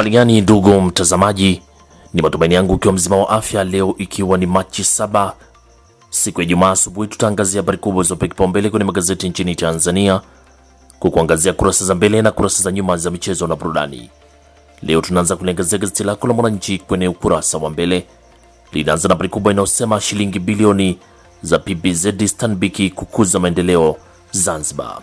Hali gani ndugu mtazamaji, ni matumaini yangu ukiwa mzima wa afya. Leo ikiwa ni Machi saba, siku ya Jumaa asubuhi, tutaangazia habari kubwa zilizopewa kipaumbele kwenye magazeti nchini Tanzania, kwa kuangazia kurasa za mbele na kurasa za nyuma za michezo na burudani. Leo tunaanza kuliangazia gazeti lako la Mwananchi kwenye ukurasa wa mbele, linaanza na habari kubwa inayosema shilingi bilioni za PBZ Stanbic kukuza maendeleo Zanzibar,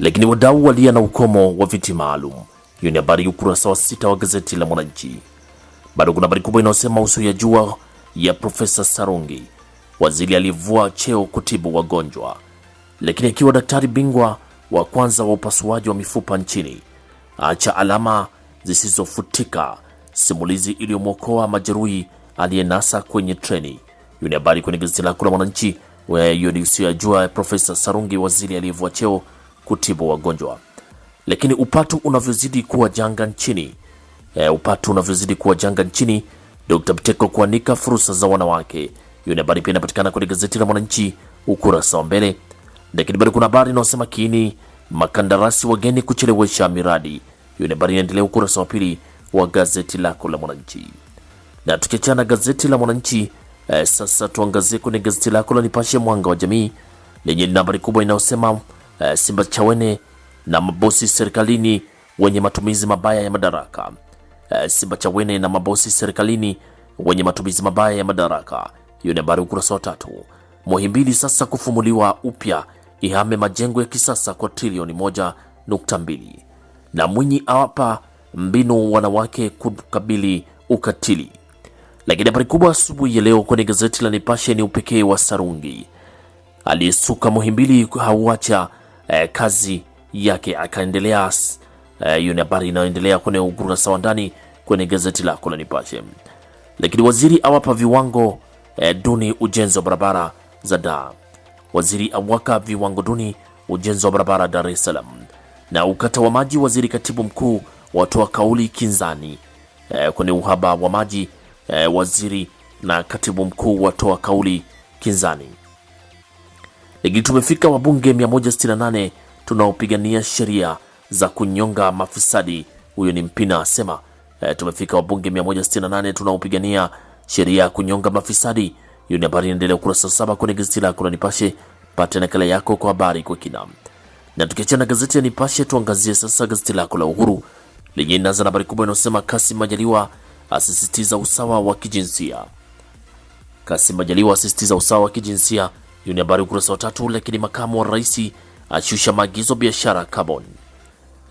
lakini wadau walia na ukomo wa viti maalum hiyo ni habari ukurasa wa sita wa gazeti la Mwananchi. Bado kuna habari kubwa inayosema uso ya jua ya Profesa Sarungi, waziri aliyevua cheo kutibu wagonjwa, lakini akiwa daktari bingwa wa kwanza wa upasuaji wa mifupa nchini, acha alama zisizofutika, simulizi iliyomwokoa majeruhi aliyenasa kwenye treni. Hiyo ni habari kwenye gazeti lako la Mwananchi. Hiyo ni uso ya jua ya Profesa Sarungi, waziri aliyevua cheo kutibu wagonjwa. Lakini upatu unavyozidi kuwa janga nchini e, upatu unavyozidi kuwa janga nchini, Dr. Biteko kuanika fursa za wanawake. Hiyo ni habari pia inapatikana kwenye gazeti la Mwananchi ukurasa wa mbele. Lakini bado kuna habari inayosema kiini makandarasi wageni kuchelewesha miradi. Hiyo ni habari inaendelea ukurasa wa pili wa gazeti lako la Mwananchi. Na tukiachana gazeti la Mwananchi eh, sasa tuangazie kwenye gazeti lako la Nipashe mwanga wa jamii lenye habari kubwa inayosema eh, Simba Chawene na mabosi serikalini wenye matumizi mabaya ya madaraka. Eh, Simba Chawene na mabosi serikalini wenye matumizi mabaya ya madaraka. Hiyo ni habari ukurasa wa tatu. Muhimbili sasa kufumuliwa upya, ihame majengo ya kisasa kwa trilioni moja nukta mbili na Mwinyi awapa mbinu wanawake kukabili ukatili. Lakini habari kubwa asubuhi ya leo kwenye gazeti la Nipashe ni upekee wa Sarungi aliyesuka Muhimbili hauacha eh, kazi yake akaendelea. Eh, hiyo ni habari inayoendelea kwenye ukurasa wa ndani kwenye gazeti lako la Nipashe. Lakini waziri awapa viwango eh, duni ujenzi wa barabara za Dar. Waziri awaka viwango duni ujenzi wa barabara Dar es Salaam. Na ukata wa maji, waziri katibu mkuu watoa kauli kinzani e, kwenye uhaba wa maji e, waziri na katibu mkuu watoa kauli kinzani. Lakini tumefika wabunge 168 tunaopigania sheria za kunyonga mafisadi. Huyo ni Mpina asema e, tumefika wabunge 168 tunaopigania sheria ya kunyonga mafisadi. Hiyo ni habari inaendelea ukurasa saba kwenye gazeti lako la Nipashe. Pata nakala yako kwa habari kwa kina. Na tukiachana na gazeti ya Nipashe, tuangazie sasa gazeti lako la Uhuru lenye inaanza na habari kubwa inayosema Kassim Majaliwa asisitiza usawa wa kijinsia. Kassim Majaliwa asisitiza usawa wa kijinsia. Hiyo ni habari ukurasa wa tatu. Lakini makamu wa raisi ashusha maagizo biashara carbon.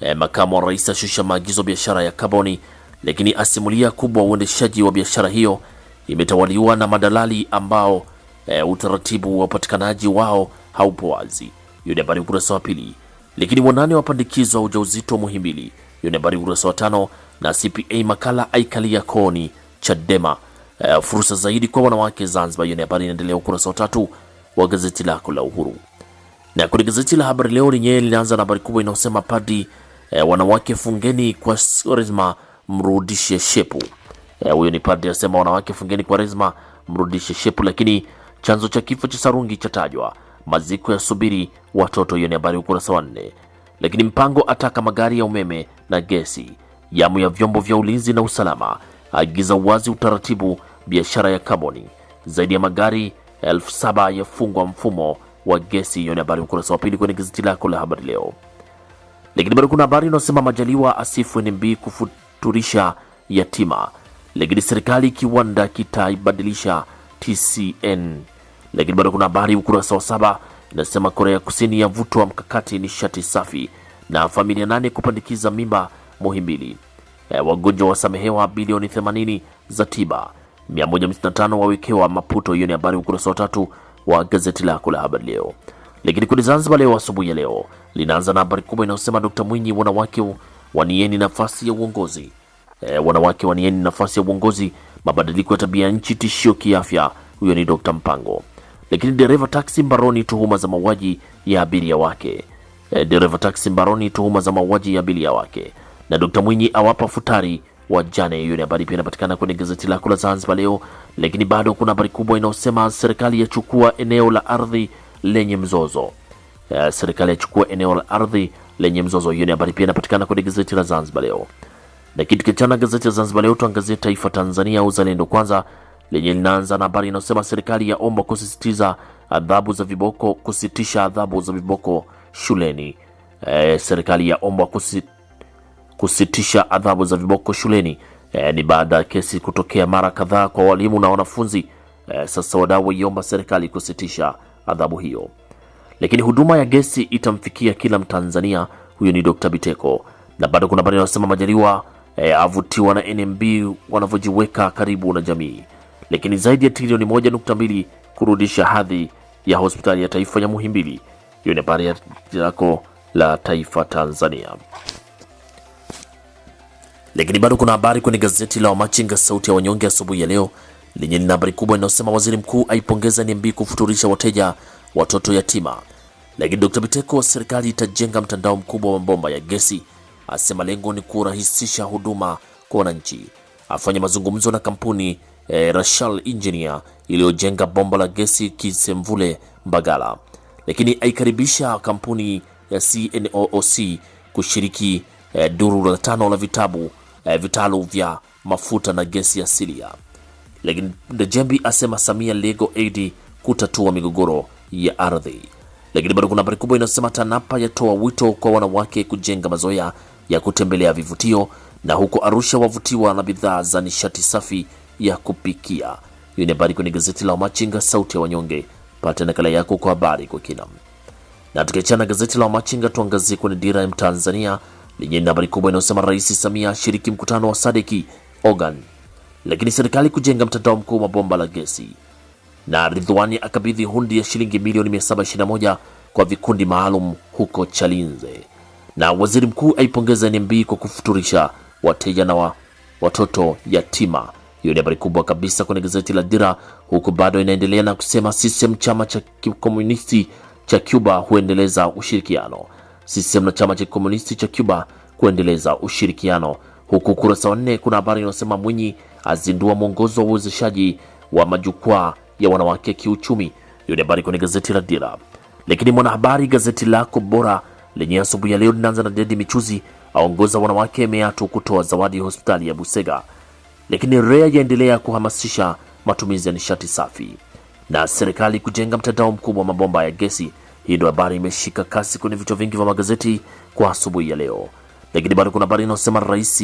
E, makamu wa rais ashusha maagizo biashara ya kaboni, lakini asimulia kubwa uendeshaji wa biashara hiyo imetawaliwa na madalali ambao e, utaratibu wa upatikanaji wao haupo wazi. Hiyo ni habari ukurasa wa pili. Lakini wanane wapandikizwa ujauzito Muhimbili. Hiyo ni habari ukurasa wa tano. Na CPA makala aikalia koni Chadema. E, fursa zaidi kwa wanawake Zanzibar. Hiyo ni habari inaendelea ukurasa wa tatu wa gazeti lako la Uhuru. Na kwenye gazeti la habari leo lenyewe linaanza na habari kubwa inayosema padi e, eh, wanawake fungeni kwa Resma mrudishe shepu. Eh, huyo e, ni padi anasema wanawake fungeni kwa Resma mrudishe shepu, lakini chanzo cha kifo cha Sarungi chatajwa, maziko ya subiri watoto. Hiyo ni habari ukurasa wa nne. Lakini Mpango ataka magari ya umeme na gesi, yamu ya vyombo vya ulinzi na usalama, agiza uwazi utaratibu biashara ya kaboni. Zaidi ya magari elfu saba yafungwa mfumo wa gesi. Hiyo ni habari ukurasa wa pili kwenye gazeti lako la habari leo, lakini bado kuna habari inayosema Majaliwa asifu NMB kufuturisha yatima, lakini serikali kiwanda kitaibadilisha TCN. Lakini bado kuna habari ukurasa wa saba inasema Korea Kusini yavutwa mkakati nishati safi, na familia nane kupandikiza mimba Muhimbili. E, wagonjwa wasamehewa bilioni 80 za tiba, 155 wawekewa maputo. Hiyo ni habari ukurasa wa tatu wa gazeti lako la habari leo. Lakini kule Zanzibar leo asubuhi ya leo linaanza na habari kubwa inayosema Dkt Mwinyi, wanawake wanieni nafasi ya uongozi. E, wanawake wanieni nafasi ya uongozi, mabadiliko ya tabia nchi tishio kiafya. Huyo ni Dkt Mpango. Lakini dereva taksi mbaroni, tuhuma za mauaji ya abiria wake. E, dereva taksi mbaroni, tuhuma za mauaji ya abiria wake. Na Dkt Mwinyi awapa futari wa jana hiyo. Ni habari pia inapatikana kwenye gazeti lako la Zanzibar Leo, lakini bado kuna habari kubwa inayosema serikali yachukua eneo la ardhi lenye mzozo. Uh, serikali yachukua eneo la ardhi lenye mzozo. Hiyo ni habari pia inapatikana kwenye gazeti la Zanzibar Leo. Na kitu kichana gazeti la Zanzibar Leo, tuangazie Taifa Tanzania Uzalendo Kwanza lenye linaanza na habari inayosema serikali yaomba kusisitiza adhabu za viboko, kusitisha adhabu za viboko shuleni. E, serikali yaomba kusi, kusitisha adhabu za viboko shuleni. E, ni baada ya kesi kutokea mara kadhaa kwa walimu na wanafunzi. E, sasa wadau waiomba serikali kusitisha adhabu hiyo. Lakini huduma ya gesi itamfikia kila Mtanzania. Huyo ni Dr. Biteko. Na bado kuna habari inayosema Majaliwa e, avutiwa na NMB wanavyojiweka karibu na jamii. Lakini zaidi ya trilioni moja nukta mbili kurudisha hadhi ya hospitali ya taifa ya Muhimbili. Hiyo ni habari yako la taifa Tanzania. Lakini bado kuna habari kwenye gazeti la Wamachinga sauti ya wanyonge asubuhi ya leo lenye lina habari kubwa inayosema waziri mkuu aipongeza NMB kufuturisha wateja watoto yatima. Lakini Dr. Biteko, serikali itajenga mtandao mkubwa wa mabomba ya gesi, asema lengo ni kurahisisha huduma kwa wananchi. Afanya mazungumzo na kampuni eh, Rashal Engineer iliyojenga bomba la gesi Kisemvule Mbagala. Lakini aikaribisha kampuni ya CNOOC kushiriki eh, duru la tano la vitabu eh, vitalu vya mafuta na gesi asilia. Lakini Ndejembi asema Samia lego aid kutatua migogoro ya ardhi. Lakini bado kuna habari kubwa inayosema TANAPA yatoa wito kwa wanawake kujenga mazoea ya kutembelea vivutio, na huko Arusha wavutiwa na bidhaa za nishati safi ya kupikia. Hiyo ni habari kwenye gazeti la Wamachinga, sauti ya wanyonge. Pata nakala yako kwa habari kwa kina. Na tukiachana gazeti la Wamachinga, tuangazie kwenye Dira ya Mtanzania lenye habari kubwa inayosema Rais Samia ashiriki mkutano wa Sadeki Ogan, lakini serikali kujenga mtandao mkuu wa bomba la gesi, na Ridhwani akabidhi hundi ya shilingi milioni 721 kwa vikundi maalum huko Chalinze, na waziri mkuu aipongeza NMB kwa kufuturisha wateja na wa, watoto yatima. Hiyo ni habari kubwa kabisa kwenye gazeti la Dira, huku bado inaendelea na kusema CCM chama cha kikomunisti cha Cuba huendeleza ushirikiano CCM na chama cha kikomunisti cha Cuba kuendeleza ushirikiano. Huku ukurasa wa nne kuna habari inayosema Mwinyi azindua mwongozo wa uwezeshaji wa majukwaa ya wanawake kiuchumi. Hiyo ni habari kwenye gazeti la Dira. Lakini Mwanahabari, gazeti lako bora lenye asubuhi ya leo linaanza na Dedi Michuzi aongoza wanawake Meatu kutoa zawadi ya hospitali ya Busega. Lakini REA yaendelea kuhamasisha matumizi ya nishati safi, na serikali kujenga mtandao mkubwa wa mabomba ya gesi. Hii ndio habari imeshika kasi kwenye vichwa vingi vya magazeti kwa asubuhi ya leo, lakini bado kuna habari inayosema Rais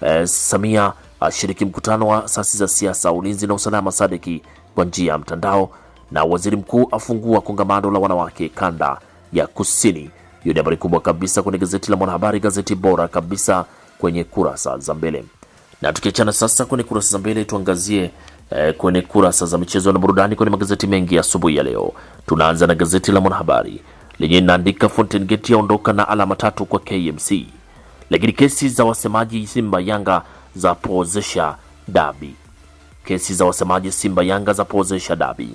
eh, Samia ashiriki mkutano wa asasi za siasa, ulinzi na usalama sadiki kwa njia ya mtandao, na waziri mkuu afungua kongamano la wanawake kanda ya kusini. Hiyo ni habari kubwa kabisa kwenye gazeti la Mwanahabari, gazeti bora kabisa kwenye kurasa za mbele. Na tukiachana sasa kwenye kurasa za mbele, tuangazie eh, kwenye kurasa za michezo na burudani kwenye magazeti mengi asubuhi ya, ya leo. Tunaanza na gazeti la Mwanahabari lenye linaandika Fountain Gate yaondoka na alama tatu kwa KMC, lakini kesi za wasemaji Simba Yanga za pozesha dabi. Kesi za wasemaji Simba Yanga za pozesha dabi.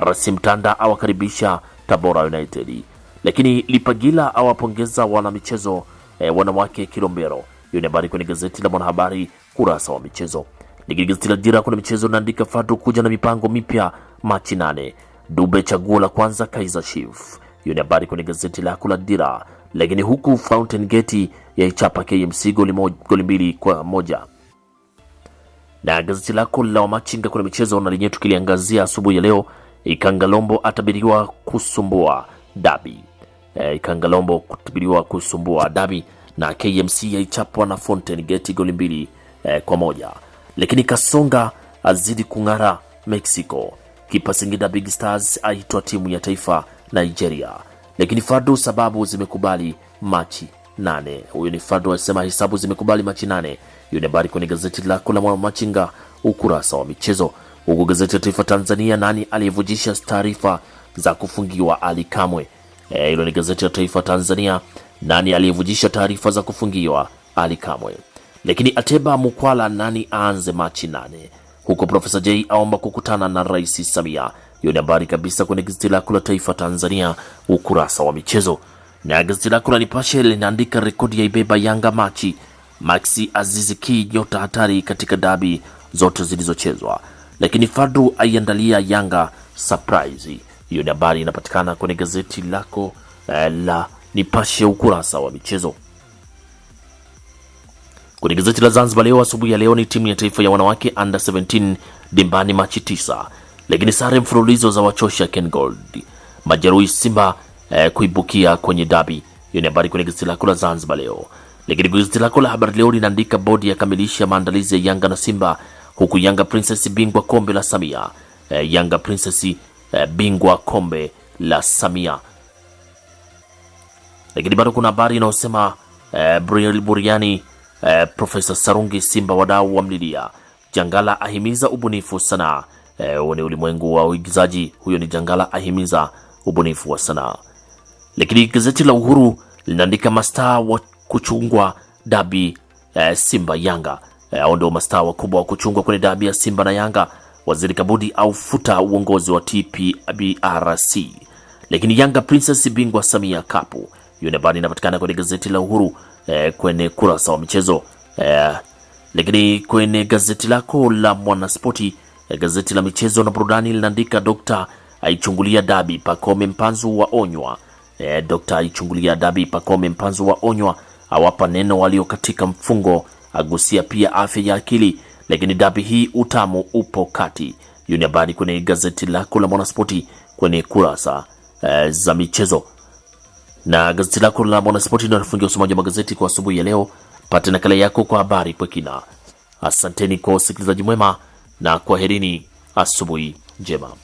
RC Mtanda awakaribisha Tabora United, lakini Lipagila awapongeza wana michezo eh, wanawake Kilombero. Hiyo ni habari kwenye gazeti la Mwanahabari kurasa wa michezo. Lakini gazeti la Dira kuna michezo naandika Fadu kuja na mipango mipya Machi nane, Dube chaguo la kwanza Kaizer Chiefs. Hiyo ni habari kwenye gazeti la kula Dira. Lakini huku Fountain Gate yaichapa KMC goli mbili kwa moja na gazeti lako la Wamachinga kuna michezo na lenyewe tukiliangazia asubuhi ya leo. Ikangalombo atabiriwa kusumbua dabi. E, eh, Ikangalombo kutabiriwa kusumbua dabi na KMC yaichapwa na Fountain Gate goli mbili e, kwa moja lakini Kasonga azidi kung'ara Mexico. Kipa Singida Big Stars aitwa timu ya taifa Nigeria, lakini Fado sababu zimekubali Machi nane. Huyo ni Fado asema hesabu zimekubali Machi nane. Hiyo ni habari kwenye gazeti lako la Mwanamachinga ukurasa wa michezo, huku gazeti ya Taifa Tanzania, nani aliyevujisha taarifa za kufungiwa Ali Kamwe? Eh, hilo e, ni gazeti ya Taifa Tanzania, nani aliyevujisha taarifa za kufungiwa Ali Kamwe? lakini Ateba Mukwala nani aanze Machi nane huko. Profesa J aomba kukutana na Rais Samia. Hiyo ni habari kabisa kwenye gazeti lako la Taifa Tanzania ukurasa wa michezo, na gazeti lako la Nipashe linaandika rekodi ya ibeba Yanga Machi, Maxi Azizi Ki nyota hatari katika dabi zote zilizochezwa, lakini Fadru aiandalia Yanga surprise. Hiyo ni habari inapatikana kwenye gazeti lako eh, la Nipashe ukurasa wa michezo. Kwenye gazeti la Zanzibar leo asubuhi ya leo ni timu ya taifa ya wanawake under 17 dimbani Machi 9, lakini sare mfululizo za wachosha Ken Gold. Majeruhi Simba eh, kuibukia kwenye dabi. Hiyo ni habari kwenye gazeti lako la Zanzibar leo. Lakini gazeti lako la habari leo linaandika bodi ya kamilisha maandalizi ya Yanga na Simba, huku Yanga Princess bingwa kombe la Samia. Eh, Yanga Princess eh, bingwa kombe la Samia. Lakini bado kuna habari inayosema eh, Buriani eh, Profesa Sarungi Simba wadau wa mlilia Jangala ahimiza ubunifu sanaa. Eh, huu e, ni ulimwengu wa uigizaji. Huyo ni Jangala ahimiza ubunifu wa sanaa. Lakini gazeti la Uhuru linaandika mastaa wa kuchungwa dabi e, Simba Yanga eh, hao e, ndio mastaa wakubwa wa kuchungwa kwenye dabi ya Simba na Yanga. Waziri Kabudi aufuta uongozi wa TPBRC. Lakini Yanga Princess bingwa Samia Kapu hiyo ni habari inapatikana kwenye gazeti la Uhuru eh, kwenye kurasa wa michezo eh, lakini kwenye gazeti lako la Mwanaspoti eh, gazeti la michezo na burudani linaandika Dr. aichungulia dabi Pakome Mpanzu wa onywa eh, Dr. aichungulia dabi Pakome Mpanzu wa onywa awapa neno walio katika mfungo, agusia pia afya ya akili, lakini dabi hii utamu upo kati. Hiyo ni habari kwenye gazeti lako la Mwanaspoti kwenye kurasa eh, za michezo na gazeti lako la Mwanaspoti ndio nafungia usomaji wa magazeti kwa asubuhi ya leo. Pate nakala yako kwa habari kwa kina. Asanteni kwa usikilizaji mwema na kwaherini, asubuhi njema.